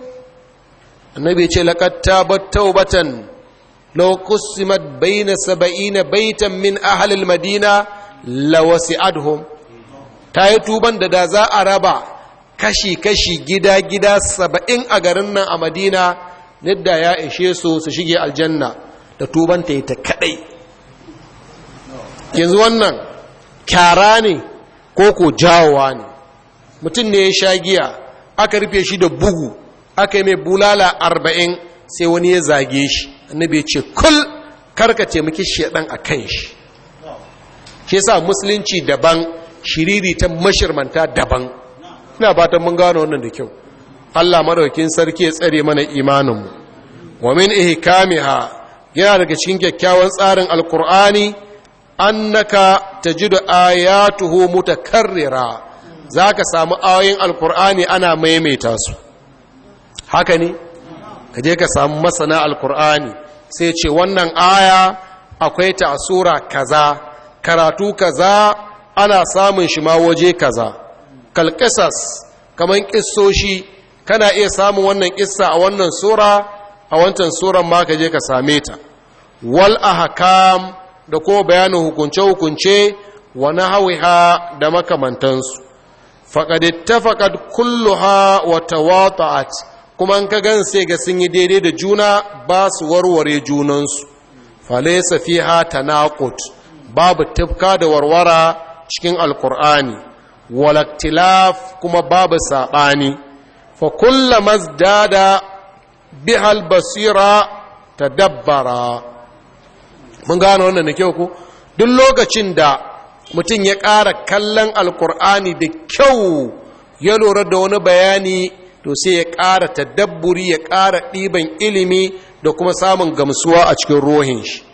annabi ya ce lakatta ba taubatan bai na saba'i na baitan min ahalil madina lawasi adhum ta yi tuban da da za a raba kashi-kashi gida-gida saba'in a garin nan a madina nidda ya ishe su su shige aljanna da tuban ta yi ta kaɗai yanzu wannan kyara ne ko ko jawowa ne mutum ne ya sha giya aka rufe shi da bugu aka yi mai bulala arba'in sai wani ya zage shi annabi ce kul karka taimaki ɗan a kan shi shi sa musulunci daban shiriri ta mashirmanta daban ina fatan mun gano wannan da kyau Allah madaukakin sarki ya tsare mana imanin mu wa min ihkamiha yana daga cikin kyakkyawan tsarin alqur'ani annaka tajidu ayatuhu mutakarrira zaka samu ayoyin alqur'ani ana maimaita su haka ne kaje ka samu masana alqur'ani sai ce wannan aya akwai ta sura kaza karatu kaza ana samun shi ma waje kaza kalkisas kamar kissoshi kana iya samun wannan kissa a wannan sura a wancan suran ma ka je ka same ta wal ahkam da ko bayanin hukunce hukunce wa nahawiha da makamantansu faqad ittafaqat kulluha wa tawata'at kuma an ka gan sai ga sun yi daidai da juna ba su warware junansu falaysa fiha tanaqut babu tafka da warwara cikin alkur'ani walaktilaf kuma babu saɓani fa kulla mazdada bihal basira ta dabbara mun gano wannan da kyau ku duk lokacin da mutum ya ƙara kallon alkur'ani da kyau ya lura da wani bayani to sai ya ƙara tadabburi ya ƙara ɗiban ilimi da kuma samun gamsuwa a cikin ruhin shi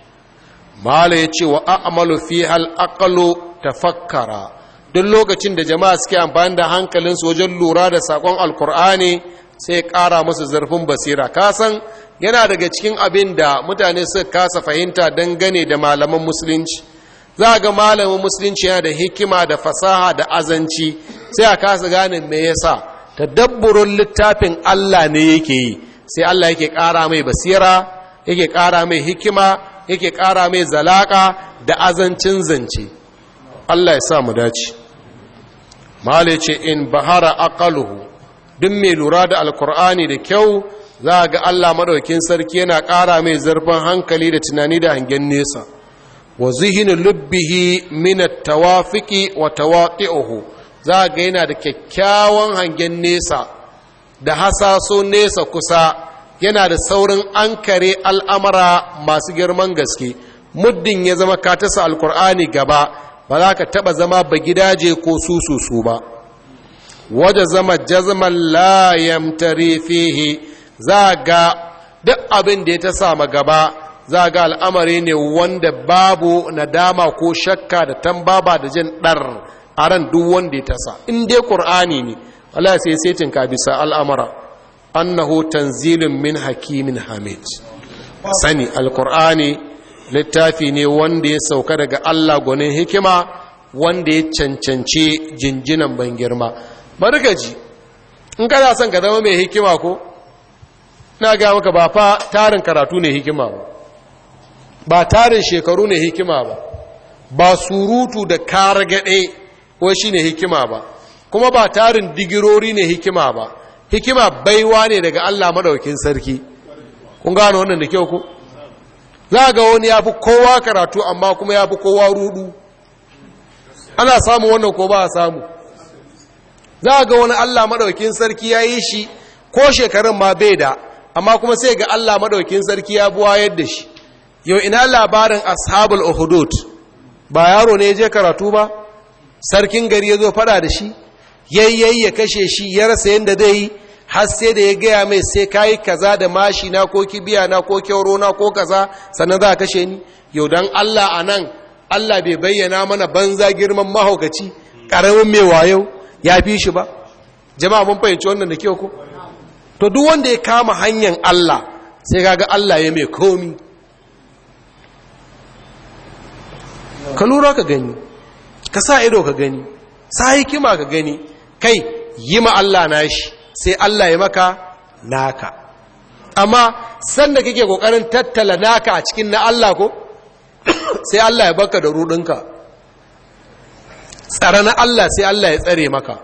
mala ya ce wa a'malu fi hal aqalu tafakkara duk lokacin da jama'a suke amfani da hankalinsu wajen lura da sakon alkur'ani sai ƙara musu zarfin basira kasan yana daga cikin abin da mutane suka kasa fahimta dangane da malaman musulunci za ga malamin musulunci yana da hikima da fasaha da azanci sai a kasa gane me yasa tadabburun littafin Allah ne yake yi sai Allah yake ƙara mai basira yake ƙara mai hikima yake ƙara mai zalaka da azancin zance Allah ya sa mu dace Mali ce in bahara aqaluhu duk mai lura da alkur'ani da kyau za ga Allah madaukin sarki yana ƙara mai zarfin hankali da tunani da hangen nesa wa zihnu lubbihi min at-tawafiqi wa tawaqi'uhu za ga yana da kyakkyawan hangen nesa da hasaso nesa kusa yana da saurin an kare al'amara masu girman gaske muddin ya zama katasa alkur'ani gaba ba za ka taɓa zama ba gidaje ko sususu ba waje zama jazman layam tarifihi za ga duk abin da ya ta sami gaba za ga al'amari ne wanda babu nadama ko shakka da tambaba da jin ɗar a ran duk wanda ya tasa in dai ƙur'ani ne Allah sai setin ka bisa al'amara annahu tanzilun min hakimin hamid sani alkur'ani littafi ne wanda ya sauka daga allah gwanin hikima wanda ya cancance jinjinan ban girma barkaji in kana son ka zama mai hikima ko na ga maka ba fa tarin karatu ne hikima ba ba tarin shekaru ne hikima ba ba surutu da karagaɗe wai shi ne hikima ba kuma ba tarin digirori ne hikima ba hikima baiwa ne daga Allah madaukin sarki kun gano wannan da kyau ko za ga wani ya fi kowa karatu amma kuma ya fi kowa rudu ana samu wannan ko ba a samu za ga wani Allah madaukin sarki ya yi shi ko shekarun ma bai da amma kuma sai ga Allah madaukin sarki ya buwa yadda shi yau ina labarin ashabul uhudud ba yaro ne ya je karatu ba sarkin gari ya zo fada da shi yayyayi kashe shi ya rasa yadda zai yi har sai da ya gaya mai sai ka yi kaza da mashi na ko kibiya na ko kyauro na ko kaza sannan za a kashe ni yau don allah a nan allah bai bayyana mana banza girman mahaukaci ƙaramin mai wayo ya fi shi ba jama'a mun fahimci wannan da kyau ko to duk wanda ya kama hanyar allah sai ga allah ya mai komi ka lura ka gani ka sa ido ka gani sa hikima ka gani kai yi ma allah na shi sai Allah ya maka naka amma sanda kake kokarin tattala naka a cikin na Allah ko [coughs] sai Allah ya baka da rudinka tsara na Allah sai Allah ya tsare maka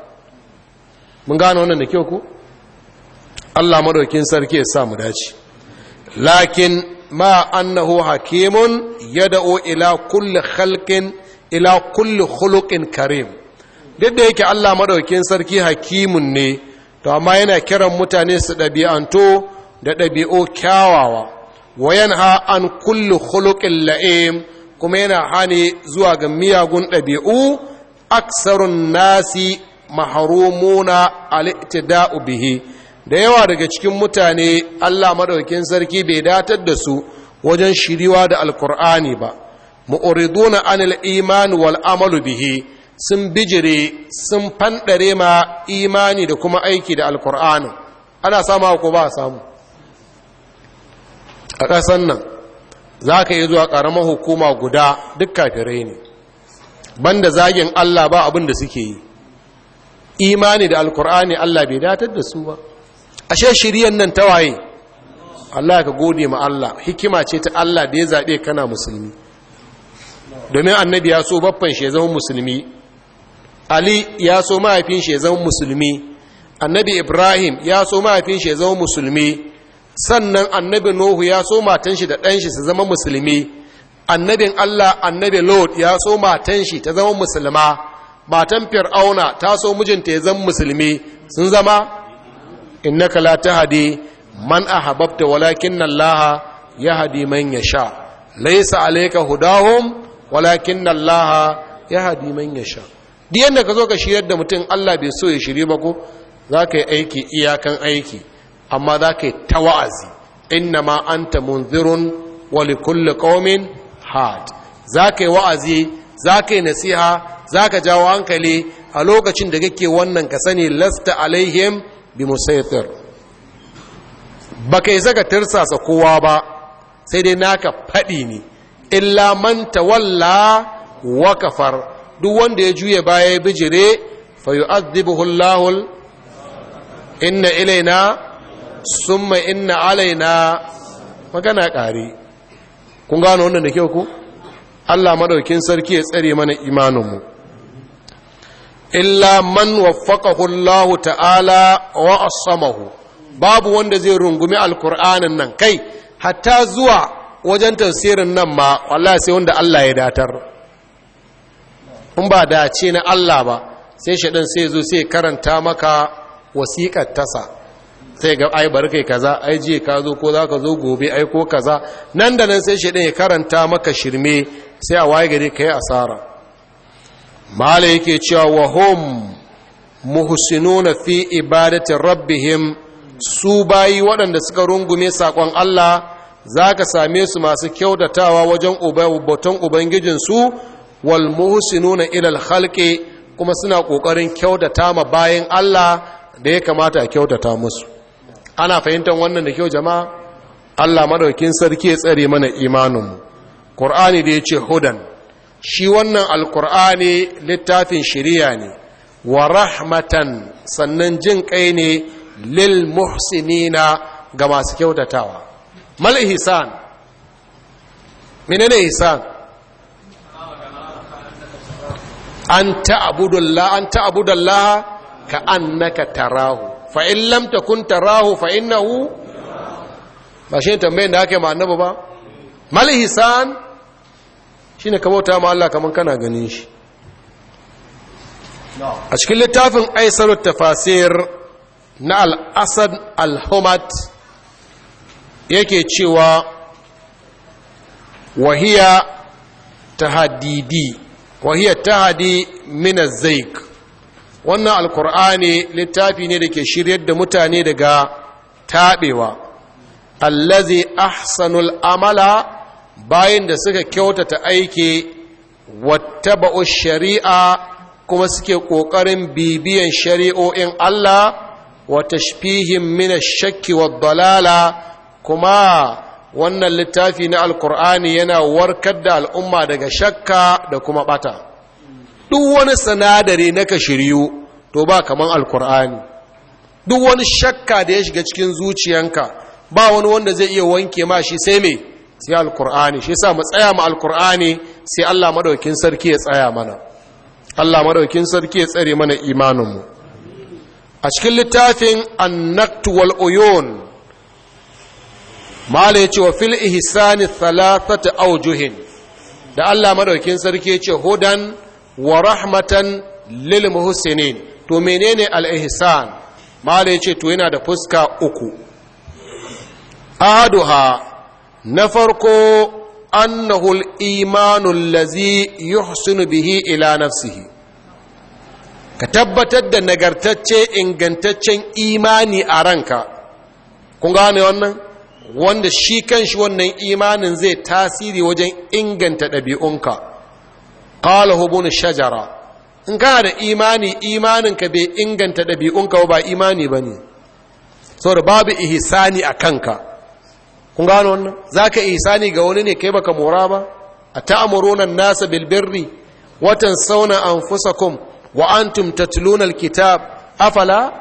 mun gano wannan da kyau ko Allah madaukin sarki ya sa mu dace lakin ma annahu hakimun yad'u ila kulli khalqin ila kulli khuluqin karim duk da yake Allah madaukin sarki hakimun ne to amma yana kiran mutane su ɗabi'anto da ɗabi'o kyawawa wayan ha an kullu khuluqin la'im kuma yana hane zuwa ga miyagun ɗabi'u aksarun nasi maharumuna alitida'u dau bihi da yawa daga cikin mutane Allah madaukakin sarki bai datar da su wajen shiriwa da alkur'ani ba mu'riduna anil iman wal amalu bihi sun bijire sun fanɗare ma imani da kuma aiki da alkur'anin ana sama ko ba a samu a ƙasan nan za ka yi zuwa ƙaramar hukuma guda duk kafirai ne banda zagin allah ba abin da suke yi imani da alkur'ani allah bai datar da su ba ashe shiryan nan tawaye allah ka gode ma allah hikima ce ta allah da ya zaɓe kana musulmi domin annabi ya so baffan shi ya zama musulmi ali ya so mahaifin shi ya zama musulmi annabi ibrahim ya so mahaifin shi ya zama musulmi sannan annabi nuhu ya so matan shi da ɗan shi su zama musulmi annabin allah annabi lord ya so matan shi ta zama musulma matan fir'auna ta so mijinta ya zama musulmi sun zama innaka la tahdi man ahbabta walakin allah yahdi man yasha laysa alayka hudahum walakin allah yahdi man yasha duk yadda ka zo ka shirya da mutum Allah bai so ya shirya ba ko za ka yi aiki iyakan aiki amma za ka yi ta wa'azi inna ma ta munzirun wa kulle qaumin had za ka yi wa'azi za ka yi nasiha za ka jawo hankali a lokacin da kake wannan ka sani lasta alaihim bi musaytir ba kai zaka tirsasa kowa ba sai dai naka faɗi ne illa man walla wa kafar duk wanda ya juya baya ya bijire fa yu'adhibuhu Allahu inna ilaina summa inna alaina magana kare kun gano wannan da kyau ku Allah madaukin sarki ya tsare mana imaninmu illa man waffaqahu Allahu ta'ala wa asamahu babu wanda zai rungumi alkur'anin nan kai hatta zuwa wajen tafsirin nan ma wallahi sai wanda Allah ya datar in ba da ce na Allah ba sai shaɗin sai zo sai karanta maka wasiƙar tasa sai ga ai bari kai kaza ai je ka zo ko za ka zo gobe ai ko kaza nan da nan sai shaɗin ya karanta maka shirme sai a waye gari ka yi asara mala yake cewa wa hum muhsinuna fi ibadati rabbihim su bayi waɗanda suka rungume saƙon Allah za ka same su masu kyautatawa wajen ubangijin ubangijinsu wal muhsinuna ila al khalqi kuma suna kokarin kyautata ma bayin Allah da ya kamata a kyautata musu ana fahimtar wannan da kyau jama'a Allah madaukin sarki ya tsare mana imanin mu Qur'ani da yace hudan shi wannan alqur'ani littafin shari'a ne wa rahmatan sannan jin kai ne lil muhsinina ga masu kyautatawa mal ihsan menene ihsan an ta'budullah an ta'budullah ka annaka tarahu fa in lam takun tarahu fa innahu ba shi ne tambayin da ake ma annabi ba mal hisan shine ka bauta ma Allah kaman kana ganin shi a cikin littafin aisarut tafasir na al-asad al-humat yake cewa wahiya hadidi. wahiyar tahadi mina zaik wannan alkur'ani littafi ne da ke shiryar da mutane daga taɓewa allazi ahsanul amala bayan da suka kyautata aiki wattaba'u shari'a kuma suke ƙoƙarin bibiyan shari'o'in Allah wa tashfihim min ash-shakki wad-dalala kuma wannan littafi na alkur'ani yana warkar da al'umma daga shakka da kuma bata duk wani sinadari na ka shiryu to ba kaman alkur'ani duk wani shakka da ya shiga cikin zuciyanka ba wani wanda zai iya wanke ma shi sai me sai alkur'ani shi yasa mu tsaya ma alkur'ani sai Allah madaukin sarki ya tsaya mana Allah madaukin sarki ya tsare mana imanin mu a cikin littafin annaktu wal uyun mala ya ce wa fil ihsani thalathatu aujuhin da Allah madaukin sarki ya ce hudan wa rahmatan lil muhsinin to menene al ihsan mala ya ce to yana da fuska uku aduha na farko annahu al imanu allazi yuhsinu bihi ila nafsihi ka tabbatar da nagartacce ingantaccen imani a ranka kun gane wannan wanda shi kanshi wannan imanin zai tasiri wajen inganta ɗabi'unka ƙala hubun shajara in kana da imani imaninka bai inganta ɗabi'unka ba imani ba ne saboda babu ihisani a kanka kun gano wannan za ka ihisani ga wani ne kai baka mora ba a ta'amuronan nasa bilbirri watan sauna an kum wa an tatluna kitab afala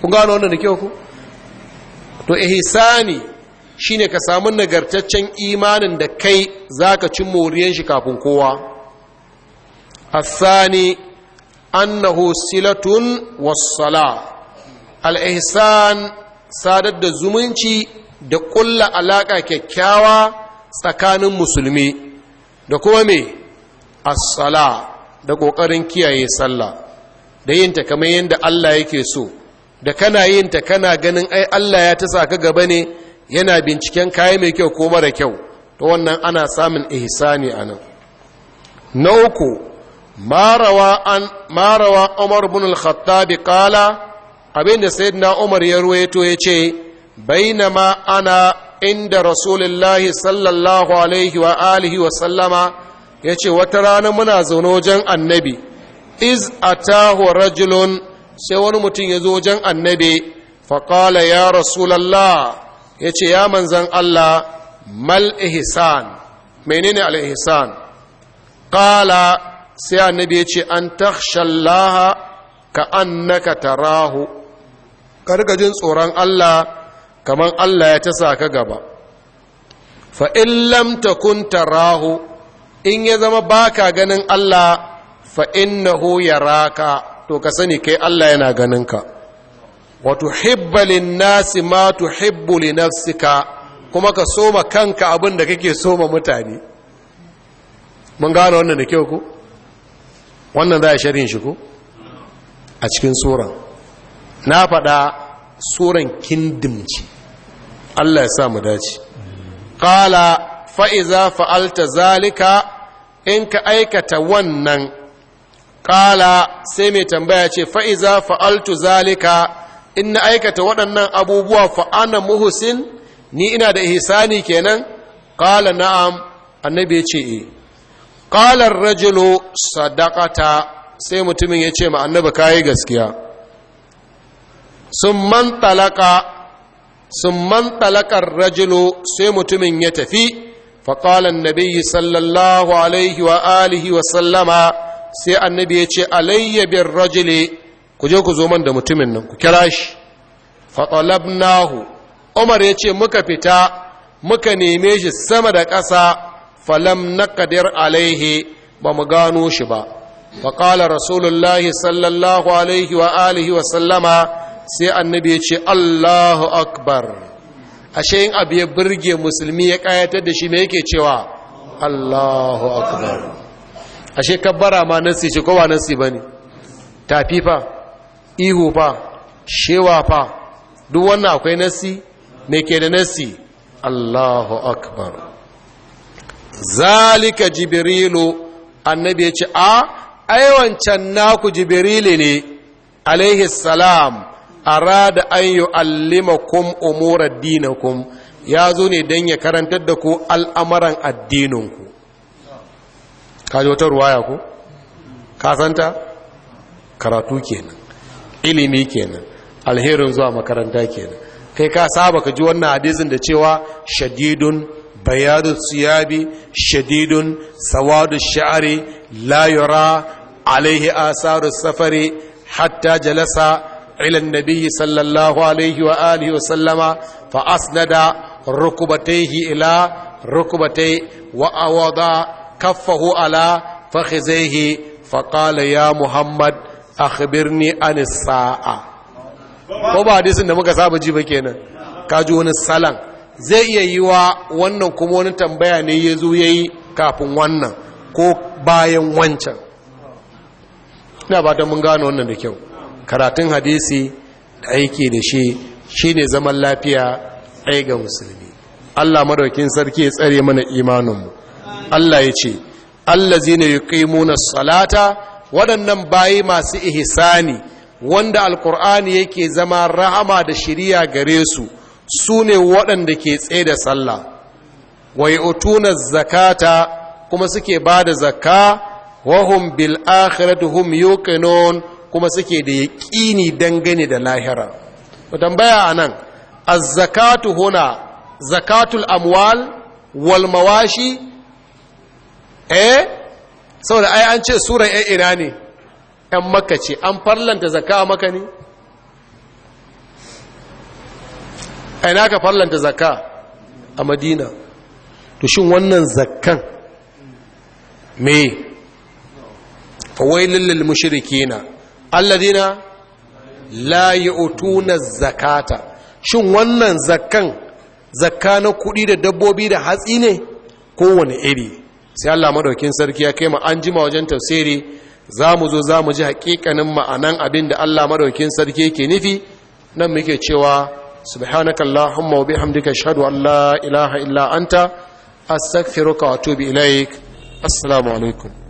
kun gano wannan da kyau ku to ihsani shine ka samu nagartaccen imanin da kai zaka cin moriyan shi kafin kowa asani annahu silatun wassala al-ihsan sadar da zumunci da ƙulla alaka kyakkyawa tsakanin musulmi da kuma me as-sala da ƙoƙarin kiyaye sallah da yinta kamar yadda Allah yake so da kana yin ta kana ganin ai Allah ya ta saka gaba ne yana binciken kayi mai kyau ko mara kyau to wannan ana samun ihsani anan na uku marawa Umar bin al-Khattab qala abinda sayyidina Umar ya ruwaito yace bainama ana inda rasulullahi sallallahu alaihi wa alihi wa sallama yace wata rana muna zaune wajen annabi iz atahu rajulun sai wani mutum ya zo wajen annabi faƙala ya rasulallah ya ce ya manzan Allah mal ihsan menene al ihsan ƙala sai annabi ya ce an takshallaha ka annaka tarahu ka jin tsoron Allah kamar Allah ya tasa ka gaba fa in lam takun tarahu in ya zama baka ganin Allah fa ya raka. to ka sani kai Allah yana ganinka wa tuhibba lin-nasi ma tuhibbu li nafsika kuma ka soma kanka abinda kake soma mutane mun gano wannan da kyau ko wannan za a sharhin shi ko a cikin suran na faɗa suran kindim Allah ya sa mu dace qala fa iza fa'alta zalika in ka aikata wannan kala sai mai tambaya ce fa'iza fa'altu zalika in na aikata waɗannan abubuwa fa'ana muhusin ni ina da ihsani kenan kala na'am annabi ce e eh. kalar rajulu sadakata sai mutumin ya ce ma kayi gaskiya sun man sun man rajulu sai mutumin ya tafi faƙalan nabi sallallahu alaihi wa alihi wa sallama sai annabi ya ce alayya bin rajili ku je ku zo man da mutumin nan ku kira shi fatalabnahu umar ya ce muka fita muka neme shi sama da ƙasa falam naqdir alaihi ba mu gano shi ba faƙala rasulullahi sallallahu alaihi wa alihi wa sallama sai annabi ya ce allahu akbar ashe in abu ya burge musulmi ya ƙayatar da shi me yake cewa allahu akbar ashe kabbara ma nasi ce kowa nasi bane tafi fa ihu fa shewa fa duk wannan akwai nasi me ke da nasi Allahu akbar zalika jibrilu annabi ya ce a aiwancan naku jibrilu ne alaihi salam arada an allimakum umura dinakum ya zo ne don ya karantar da ku al'amuran addininku kaji wata ruwaya ko kasanta karatu kenan ilimi kenan alherin zuwa makaranta kenan kai ka saba ka ji wannan hadisin da cewa shadidun bayadu siyabi shadidun sawadu sha'ari la yura alaihi asaru safari hatta jalasa ila nabiyyi sallallahu alaihi wa alihi wa sallama fa asnada rukubatayhi ila rukubatay wa awada كفه على فخذيه فقال ya muhammad اخبرني عن sa'a ko ba hadisin da muka saba ji ba kenan ka ji wani salan zai iya yi wa wannan kuma wani tambaya ne ya zo ya yi kafin wannan ko bayan wancan ina ba mun gano wannan da kyau karatun hadisi da aiki da shi shi ne zaman lafiya ɗaya ga musulmi allah madaukin sarki ya tsare mana imaninmu Allah ya ce Allah allazina yuqimuna salata waɗannan bayi masu ihsani wanda alkur'ani yake zama rahama da shirya gare su su ne waɗanda ke tsaye da sallah Wai otuna zakata kuma suke ba da zaka wahun bil akhirati hum yuqinun kuma suke da yaƙini dangane da lahira ku tambaya nan, az-zakatu huna zakatul amwal wal mawashi eh saboda ai an ce sura ya ina ne ‘yan maka ce an farlanta zaka a maka ne? aina ka farlanta zaka a madina to shin wannan zakan me fawailin lilmushiriki na alladina layi yi otuna zakata shin wannan zakan zakka na kudi da dabbobi da hatsi ne kowane iri sai Allah madaukin sarki ya kai mu an jima wajen tafsiri zamu zo zamu ji hakikanin ma'anan abin da Allah madaukin sarki yake nufi nan muke cewa subhanakallahumma wa bihamdika ashhadu an la ilaha illa anta astaghfiruka wa atubu ilaik assalamu alaikum